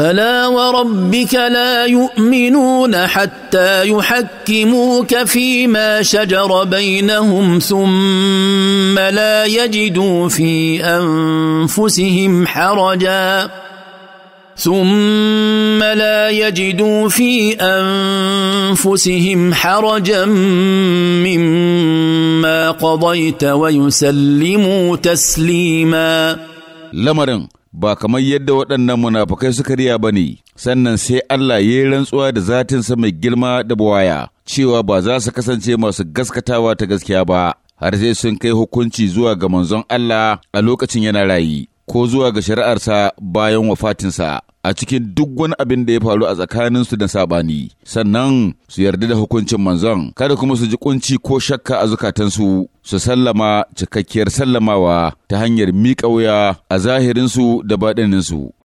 فلا وربك لا يؤمنون حتى يحكموك فيما شجر بينهم ثم لا يجدوا في انفسهم حرجا ثم لا يجدوا في انفسهم حرجا مما قضيت ويسلموا تسليما لمرن ba kamar yadda waɗannan munafukai suka riya ba ne, sannan sai Allah ya yi rantsuwa da zatinsa mai girma da buwaya, cewa ba za su kasance masu gaskatawa ta gaskiya ba, har sai sun kai hukunci zuwa ga manzon Allah a lokacin yana rayi, ko zuwa ga shari'arsa bayan wafatinsa. a cikin duk wani abin da ya faru a tsakaninsu da saɓani, sannan su yarda da hukuncin manzon, kada kuma su ji kunci ko shakka a zukatansu su sallama cikakkiyar sallamawa ta hanyar miƙa wuya a zahirinsu da baɗininsu.